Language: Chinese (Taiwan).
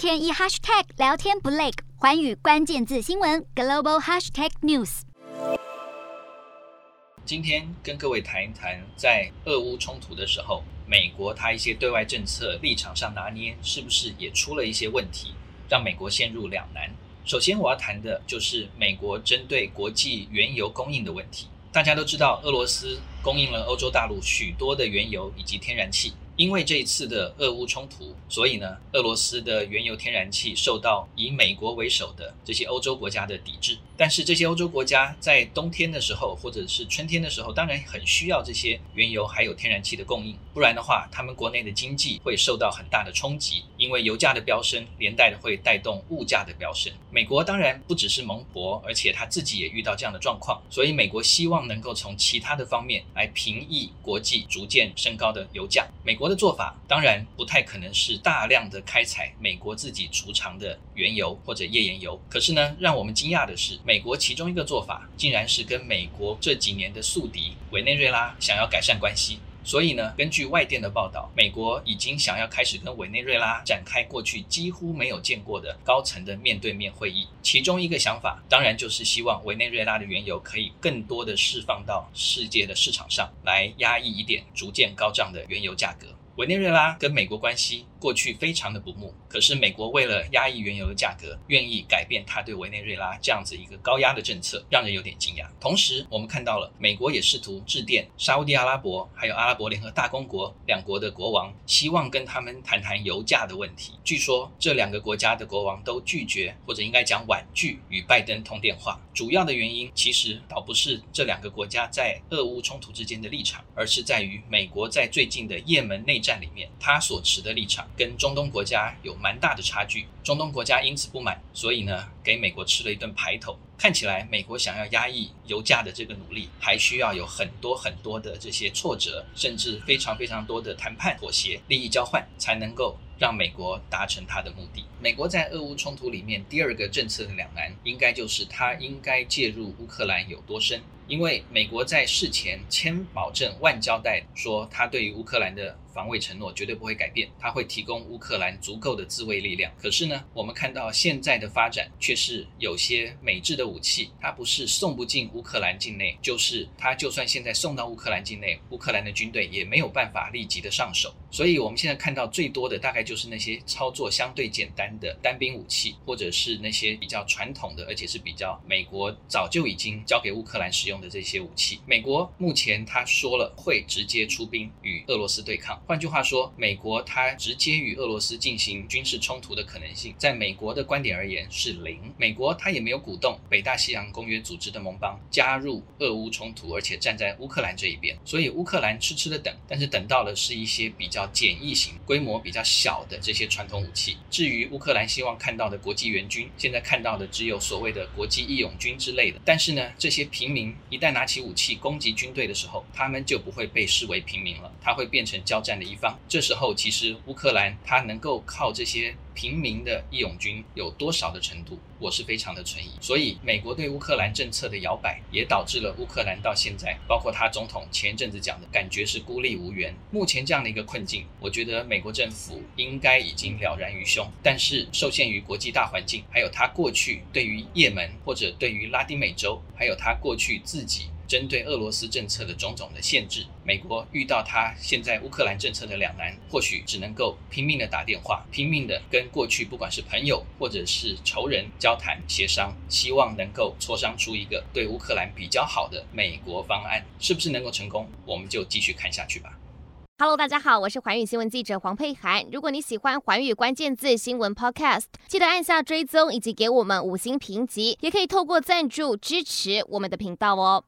天一 hashtag 聊天不累，寰宇關鍵字新聞 global hashtag news。今天跟各位談一談，在俄烏衝突的時候，美國它一些對外政策立場上拿捏，是不是也出了一些問題，讓美國陷入兩難？首先我要談的就是美國針對國際原油供應的問題。大家都知道，俄羅斯供應了歐洲大陸許多的原油以及天然氣。因為這一次的俄烏衝突，所以呢，俄羅斯的原油、天然氣受到以美國為首的這些歐洲國家的抵制。但是，這些歐洲國家在冬天的時候，或者是春天的時候，當然很需要這些原油還有天然氣的供應，不然的話，他們國內的經濟會受到很大的衝擊。因為油價的飆升，連帶的會帶動物價的飆升。美國當然不只是盟國，而且他自己也遇到這樣的狀況，所以美國希望能夠從其他的方面來平抑國際逐漸升高的油價。美國的做法當然不太可能是大量的開採美國自己儲藏的原油或者頁岩油。可是呢，讓我們驚訝的是，美國其中一個做法竟然是跟美國這幾年的宿敵委內瑞拉想要改善關係。所以呢，根據外電的報道，美國已經想要開始跟委內瑞拉展開過去幾乎沒有見過的高層的面對面會議。其中一個想法，當然就是希望委內瑞拉的原油可以更多的釋放到世界的市場上來，壓抑一點逐漸高漲的原油價格。委內瑞拉跟美國關係，過去非常的不睦，可是美國為了壓抑原油的價格，願意改變他對委內瑞拉這樣子一個高壓的政策，讓人有點驚訝。同時，我們看到了美國也試圖致電沙烏地阿拉伯，還有阿拉伯聯合大公國兩國的國王，希望跟他們談談油價的問題。據說這兩個國家的國王都拒絕，或者應該講婉拒與拜登通電話。主要的原因其實倒不是這兩個國家在俄烏衝突之間的立場，而是在於美國在最近的也門內戰裡面他所持的立場。跟中東國家有蠻大的差距，中東國家因此不滿，所以呢，給美國吃了一頓排頭。看起來，美國想要壓抑油價的這個努力，還需要有很多很多的這些挫折，甚至非常非常多的談判、妥協、利益交換，才能夠讓美國達成它的目的。美國在俄烏衝突裡面第二個政策的兩難，應該就是它應該介入烏克蘭有多深，因為美國在事前千保證萬交代說它對於烏克蘭的。防衛承諾絕對不會改變，它會提供烏克蘭足夠的自衛力量。可是呢，我們看到現在的發展卻是有些美制的武器，它不是送不進烏克蘭境內，就是它就算現在送到烏克蘭境內，烏克蘭的軍隊也沒有辦法立即的上手。所以我們現在看到最多的大概就是那些操作相對簡單的單兵武器，或者是那些比較傳統的，而且是比較美國早就已經交給烏克蘭使用的這些武器。美國目前他說了會直接出兵與俄羅斯對抗。換句話說，美國它直接與俄羅斯進行軍事衝突的可能性，在美國的觀點而言是零。美國它也沒有鼓動北大西洋公約組織的盟邦加入俄烏衝突，而且站在烏克蘭這一邊。所以烏克蘭痴痴的等，但是等到了是等到的是一些比較簡易型、規模比較小的這些傳統武器。至於烏克蘭希望看到的國際援軍，現在看到的只有所謂的國際義勇軍之類的。但是呢，這些平民一旦拿起武器攻擊軍隊的時候，他們就不會被視為平民了，他會變成交戰的一方，這時候其實烏克蘭他能夠靠這些平民的義勇軍有多少的程度，我是非常的存疑。所以美國對烏克蘭政策的搖擺，也導致了烏克蘭到現在，包括他總統前一陣子講的感覺是孤立無援。目前這樣的一個困境，我覺得美國政府應該已經了然於胸，但是受限於國際大環境，還有他過去對於也門或者對於拉丁美洲，還有他過去自己。針對俄羅斯政策的種種的限制，美國遇到他現在烏克蘭政策的兩難，或許只能夠拼命的打電話，拼命的跟過去不管是朋友或者是仇人交談協商，希望能夠磋商出一個對烏克蘭比較好的美國方案。是不是能夠成功？我們就繼續看下去吧。Hello，大家好，我是環宇新聞記者黃佩涵。如果你喜歡環宇關鍵字新聞 Podcast，記得按下追蹤以及給我們五星評級，也可以透過贊助支持我們的頻道哦。